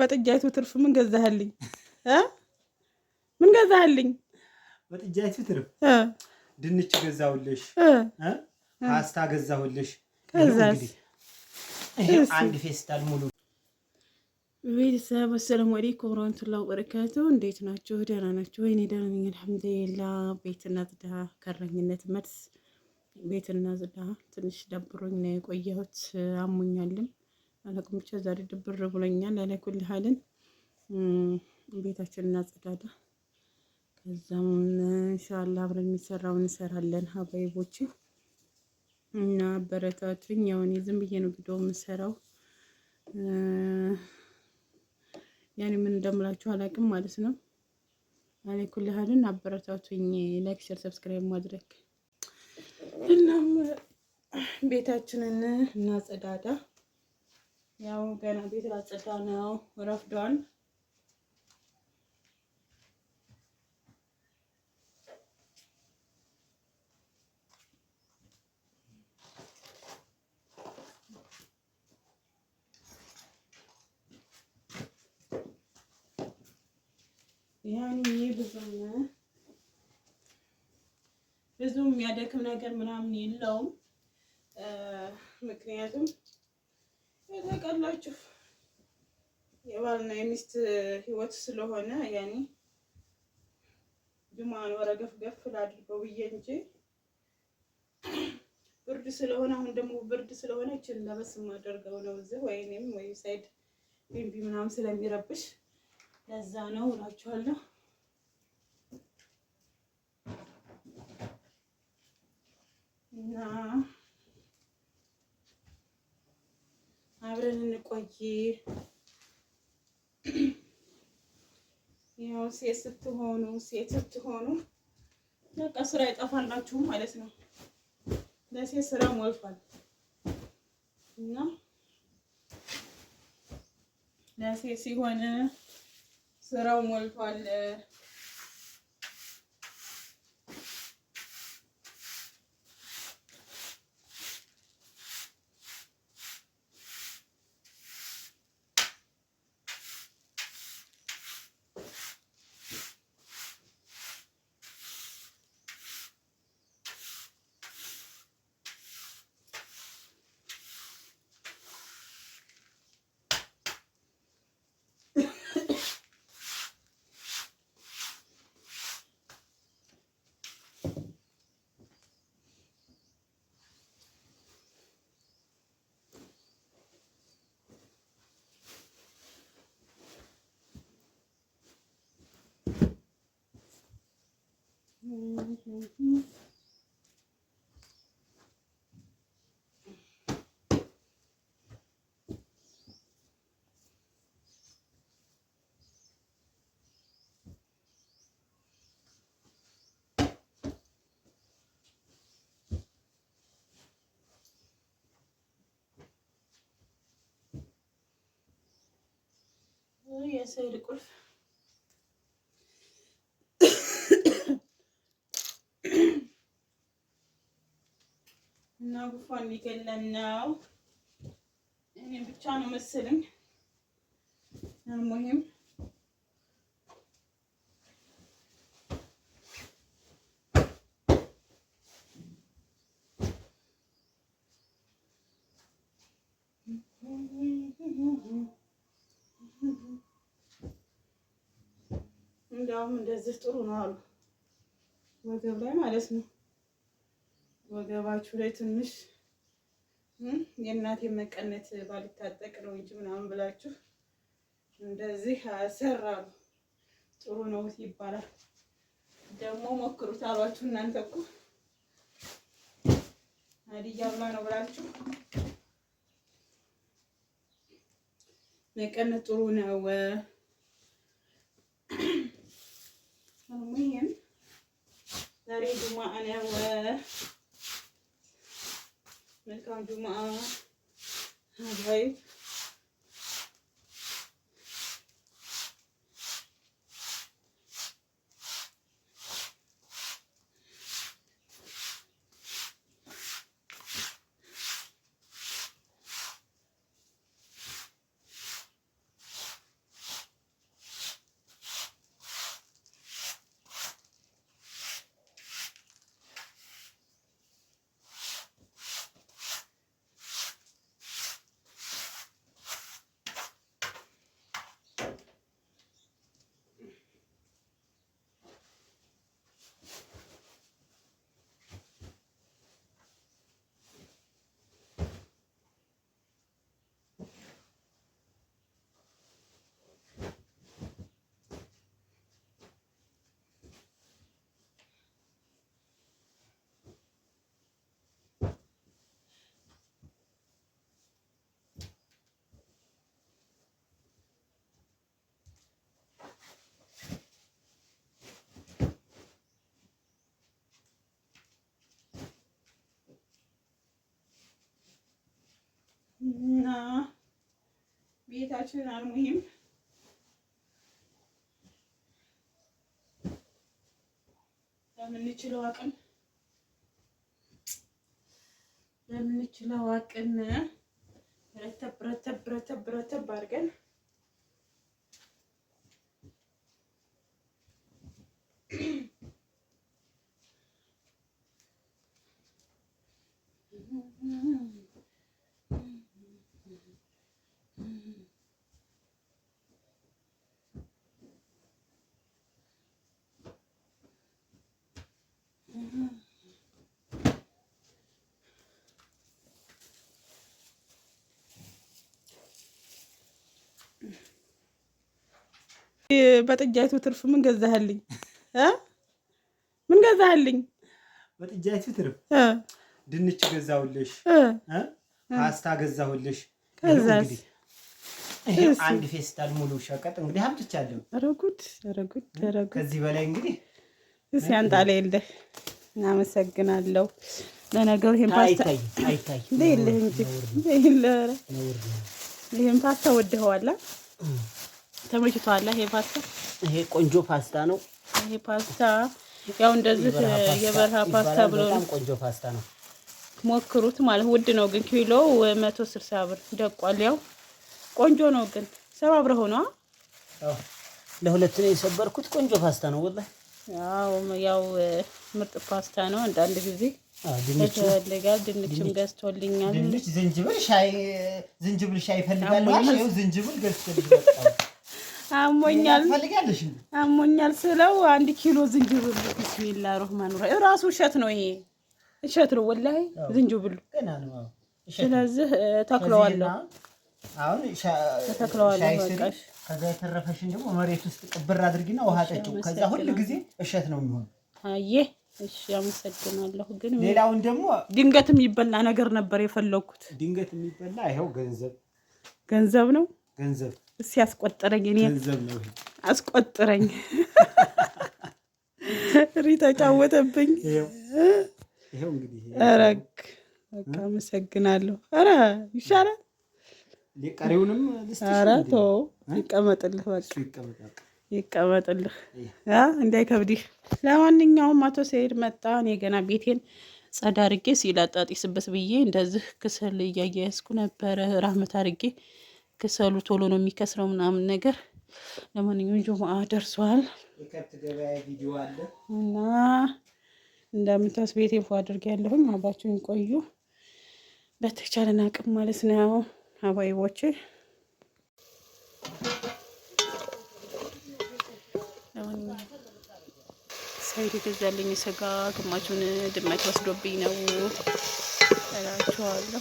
በጥጃይቱ ትርፍ ምን ገዛህልኝ? ምን ገዛህልኝ? በጥጃይቱ ትርፍ ድንች ገዛሁልሽ፣ ፓስታ ገዛሁልሽ። አንድ ፌስታል ሙሉ ቤተሰብ አሰላሙ አለይኩም ወራህመቱላሂ ወበረካቱ። እንዴት ናችሁ? ደህና ናችሁ ወይ? እኔ ደህና ነኝ አልሐምዱሊላህ። ቤትና ጽዳ ከረኝነት መልስ ቤትና ጽዳ ትንሽ ደብሮኝ ነው የቆየሁት አሞኛልም አላቅም ብቻ ዛሬ ድብር ብሎኛል። ኩል ሀልን ቤታችን እናጸዳዳ፣ ከዛም እንሻላ አብረን የሚሰራው እንሰራለን። ሀባይቦች እና አበረታቱኝ። ያውን ዝም ብዬ ነው ቪዲዮ የምሰራው። ያኔ ምን እንደምላችሁ አላቅም ማለት ነው። ኩል ሀልን አበረታቱኝ። ላይክ፣ ሸር፣ ሰብስክራይብ ማድረግ እናም ቤታችንን እናጸዳዳ ያው ገና ቤት ላጸዳ ነው፣ ረፍዷል። ያን ብዙም ብዙም የሚያደክም ነገር ምናምን የለውም ምክንያቱም ታውቃላችሁ የባልና የሚስት ህይወት ስለሆነ ያኔ ጅማን ወረገፍ ገፍ ላድርገው ብዬ እንጂ ብርድ ስለሆነ አሁን ደግሞ ብርድ ስለሆነ ይችን ለበስ የማደርገው ነው እዚህ ወይ ወይ ሳይድ ቢንቢ ምናምን ስለሚረብሽ ለዛ ነው እላችኋለሁ። እና አብረን እንቆይ። ያው ሴት ስትሆኑ ሴት ስትሆኑ በቃ ስራ ይጠፋላችሁም ማለት ነው። ለሴት ስራ ሞልቷል እና ለሴት ሲሆን ስራው ሞልቷል። Y ese es el recurso. ጉንፋን የሚገለን ነው። እኔም ብቻ ነው መሰለኝ ሙሂም እንዲያውም እንደዚህ ጥሩ ነው አሉ ወገብ ላይ ማለት ነው። ወገባችሁ ላይ ትንሽ የእናቴ መቀነት ባልታጠቅ ነው እንጂ ምናምን ብላችሁ እንደዚህ አሰራሩ ጥሩ ነው ይባላል። ደግሞ ሞክሩት አሏችሁ። እናንተ እኮ አድያ ብላ ነው ብላችሁ መቀነት ጥሩ ነው። ሙይም ዛሬ ጁማአ ነው። Welcome to my wife. እና ቤታችን አልሙሂም በምንችለው አቅም በምንችለው አቅም ረተብ ረተብ ረተብ ረተብ አድርገን በጥጃይቱ ትርፍ ምን ገዛህልኝ? ምን ገዛህልኝ? በጥጃይቱ ትርፍ ድንች ገዛሁልሽ፣ ፓስታ ገዛሁልሽ። አንድ ፌስታል ሙሉ ሸቀጥ እንግዲህ አምጥቻለሁ። ኧረ ረጉድ ረጉድ። ጉድ! ከዚህ በላይ እንግዲህ እስ ያንጣለ የለ። እናመሰግናለሁ። ለነገሩ ይሄን ፓስታ አይታይ እንጂ ይሄን ፓስታ ወደኸዋላ ተመችቷል። ይሄ ፓስታ ይሄ ቆንጆ ፓስታ ነው። ይሄ ፓስታ ያው እንደዚህ የበረሃ ፓስታ ብሎ ነው። ቆንጆ ፓስታ ነው። ሞክሩት ማለት ውድ ነው ግን ኪሎ 160 ብር ደቋል። ያው ቆንጆ ነው ግን ሰባ ብር ሆኗ። ለሁለት ነው የሰበርኩት። ቆንጆ ፓስታ ነው ወላ። አዎ ያው ምርጥ ፓስታ ነው። አንዳንድ ጊዜ ይፈልጋል። ድንችም ገዝቶልኛል። ድንች፣ ዝንጅብል፣ ሻይ ዝንጅብል ሻይ ይፈልጋል። ዝንጅብል ገዝቶልኛል። አሞኛል አሞኛል ስለው አንድ ኪሎ ዝንጅብል ቢስሚላ ሮህማን ራ ራሱ እሸት ነው ይሄ እሸት ነው ወላሂ ዝንጅብሉ ስለዚህ ተክለዋለሁ ተክለዋለሁ ከዛ የተረፈሽን ደግሞ መሬት ውስጥ ቅብር አድርጊና ውሃ ጠጪው ከዛ ሁል ጊዜ እሸት ነው የሚሆን አየ እሺ አመሰግናለሁ ግን ሌላውን ደግሞ ድንገት የሚበላ ነገር ነበር የፈለኩት ድንገት የሚበላ ይኸው ገንዘብ ገንዘብ ነው ገንዘብ ሲያስቆጥረኝ እኔ አስቆጥረኝ። ሪ ተጫወተብኝ። ረግ በቃ አመሰግናለሁ። ኧረ ይሻላል። ኧረ ይቀመጥልህ፣ ይቀመጥልህ፣ እንዳይከብድህ። ለማንኛውም አቶ ሰኢድ መጣ። እኔ ገና ቤቴን ጸዳ አድርጌ ሲላጣጢስበት ብዬ እንደዚህ ክስል እያያያዝኩ ነበረ ራህመት አድርጌ ክሰሉ ቶሎ ነው የሚከስረው ምናምን ነገር። ለማንኛውም ጁሙአ ደርሷል እና እንደምታስ ቤት ፎ አድርግ ያለሁኝ አባችሁን ቆዩ በተቻለን አቅም ማለት ነው አባይቦች። ሳይድ ይገዛልኝ ስጋ ግማቹን ድመት ወስዶብኝ ነው እላቸዋለሁ።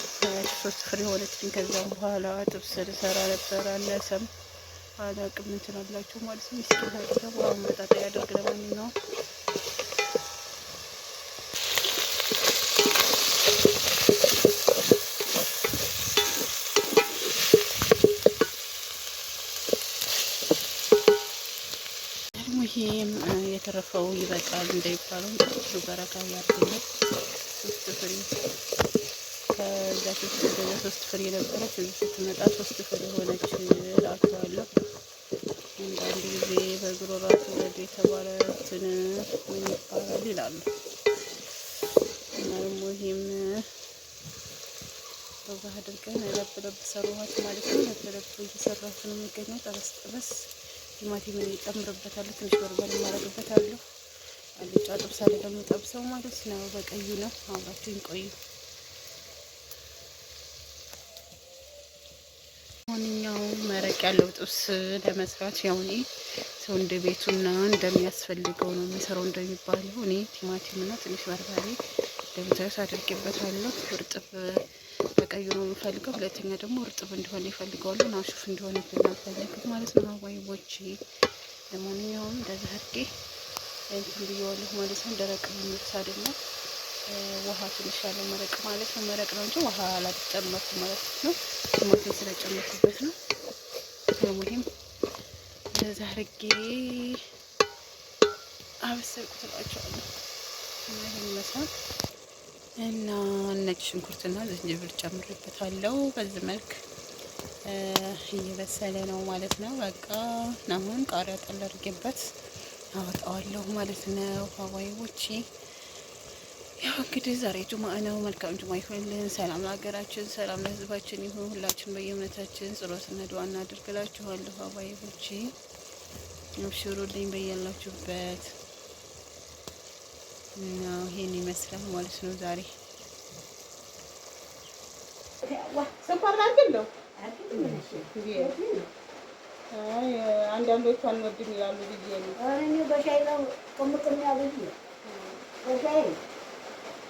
ሶስት ፍሬ የሆነችን ከዚያም በኋላ ጥብስ ልሰራ ነበር። አነሰም አላቅም እንትን ማለት ነው። እስኪ ታዲያ ውሃውን በጣጣ ያደርግ ለማንኛውም ይህም የተረፈው ይበቃል እንዳይባለው በረካ ያርግልን። ከዛ ፊት ገዛ ሶስት ፍሬ ነበረች። እዚህ ስትመጣ ሶስት ፍሬ ሆነች እላቸዋለሁ። አንዳንድ ጊዜ በእግሮ ራሱ ወደ የተባለትን ይባላል ይላሉ እና ደግሞ ይህም በዛህ አድርገን ለብ ለብ ሰሩኋት ማለት ነው። ለብ ለብ እየሰራሁት ነው የሚገኘው። ጠበስ ጠበስ ቲማቲምን እጨምርበታለሁ። ትንሽ በርበር ይማረግበታሉ። አልጫ ጥብሳለ ደግሞ ጠብሰው ማለት ነው። በቀዩ ነው። አብራችሁን ቆዩ። ሆንኛው መረቅ ያለው ጥብስ ለመስራት ያው እኔ ሰው እንደ ቤቱና እንደሚያስፈልገው ነው የሚሰራው እንደሚባለው እኔ ቲማቲምና ትንሽ በርበሬ እንደምታዩት አድርጌበታለሁ። እርጥብ በቀዩ ነው የምፈልገው። ሁለተኛ ደግሞ እርጥብ እንዲሆን ይፈልገዋሉ። ናሹፍ እንዲሆን ብናፈልግት ማለት ነው። ሀዋይቦች ለማንኛውም እንደዛ አድርጌ እንትን ብየዋለሁ ማለት ነው። ደረቅ ምርት አይደለም። ውሃ ትንሽ ያለ መረቅ ማለት ነው። መረቅ ነው እንጂ ውሃ አላጨመርኩ ማለት ነው። ቲማቲም ስለጨመርኩበት ነው። በሙሄም እንደዛ አድርጌ አበሰልኩት እላቸዋለሁ። ይህን ይመስላል እና ነጭ ሽንኩርትና ዝንጅብል ጨምርበታለሁ። በዚህ መልክ እየበሰለ ነው ማለት ነው። በቃ አሁን ቃሪያ ጠል አድርጌበት አወጣዋለሁ ማለት ነው። ሀዋይ ውጪ ያው እንግዲህ ዛሬ ጁማ ነው። መልካም ጁማ ይሁንልን። ሰላም ለሀገራችን፣ ሰላም ለህዝባችን ይሁን። ሁላችን በየእምነታችን ጸሎት ጸሎትና ዱዓ እናደርግላችኋለሁ። አባይቦቼ አብሽሩልኝ በያላችሁበት እና ይሄን ይመስላል ማለት ነው ዛሬ አንዳንዶቹ አንወድም ይላሉ ብዬ ነው። ነው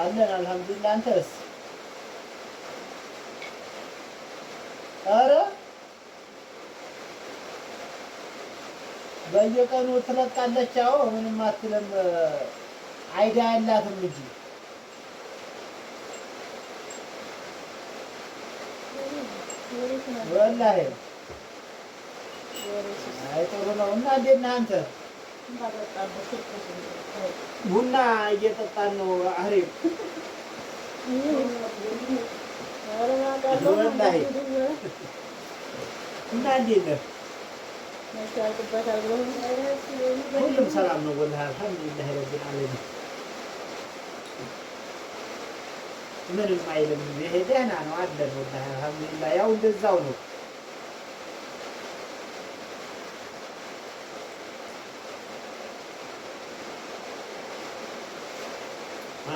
አለን አልሐምዱሊላህ። አንተስ? ኧረ በየቀኑ ትለቃለች። አዎ ምንም አትልም። አይዳ ያላትም እንጂ ወላሂ። አይ ጥሩ ነው። እና እንዴት ነህ አንተ? ቡና እየጠጣን ነው። አህሬም እና ሁሉም ሰላም ነው። ወላሂ አልሐምዱሊላህ ረብል ዓለሚን ምንም አይልም። ይሄ ደህና ነው አለን። ወላሂ አልሐምዱሊላህ ያው እንደዛው ነው።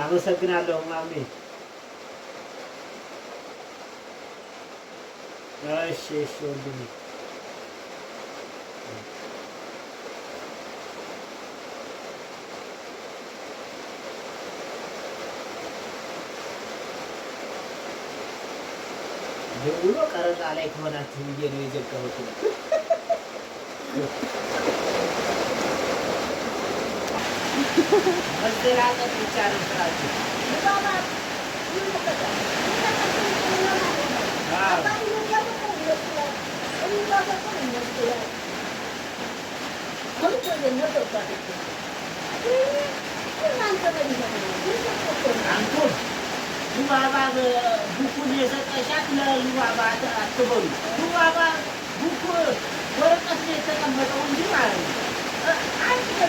አመሰግናለሁ ማሚ። እሺ እሺ ወንድሜ ደውሎ ቀረጻ ላይ ከሆናችሁ ብዬ ነው የዘጋሁት። વચ્ચે રાત હતી ચાર Lu baba buku dia sekejap lah lu baba tak tebal. Lu baba buku berkasnya tekan bertahun-tahun. Aku tak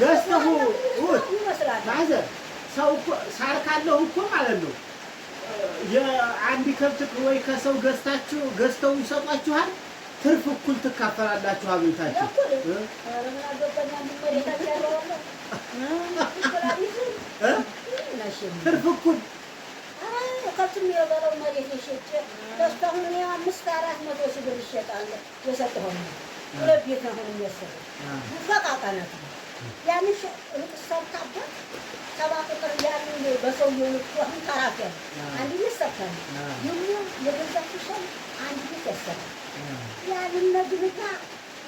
ገዝተህ ውት ማዘር ሰው እኮ ሳር ካለው እኮ ማለት ነው የአንድ ከብት ወይ ከሰው ገዝታችሁ ገዝተው ይሰጧችኋል። ትርፍ እኩል ትካፈላላችሁ። አብኝታችሁ ትርፍ እኩል ከብት የሚበላው መሬት የሸጬ ገዝተሁን እኔ አምስት አራት መቶ ሺህ ብር ይሸጣል የሰጠሆነ ቤት አሁን የሚያሰሩ በቃ ነው ያንን ሩቅ ሰርታበት ሰባ ቁጥር በሰውየው ይሁን ሰው ያሰራል። ያንን ነግብታ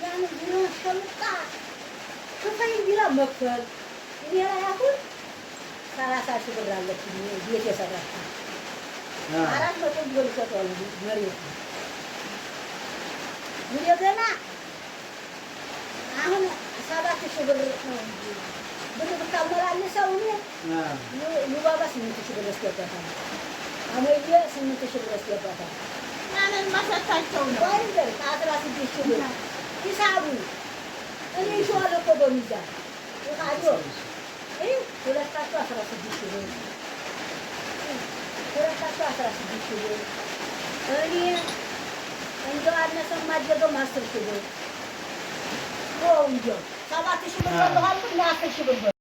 ያንን ቢሮ ሸምጣ ክፈይ መክፈል ሰላሳ ሺህ ብር አለች ቤት የሰራች አራት መቶ ቢሆን ይሰጠዋል መሬት እንደገና አሁን ሰባት ሺህ ብር ነው እንጂ ብር ብታመላልሰው ስምንት ሺህ ብር ያስገባታል። ስምንት ሺህ ብር ያስገባታል። ማሰታቸው ነው አስራ ስድስት ሺህ ብር ሂሳቡ እኔ እኮ በሚዛን ሁለታቸው አስራ ስድስት ሺህ ብር ሁለታቸው አስራ ስድስት ሺህ ብር እኔ እንደው አነሰም አደገም አስር ሺህ ብር সব আছে সুন্দর বন্ধ হয় না আছে সুন্দর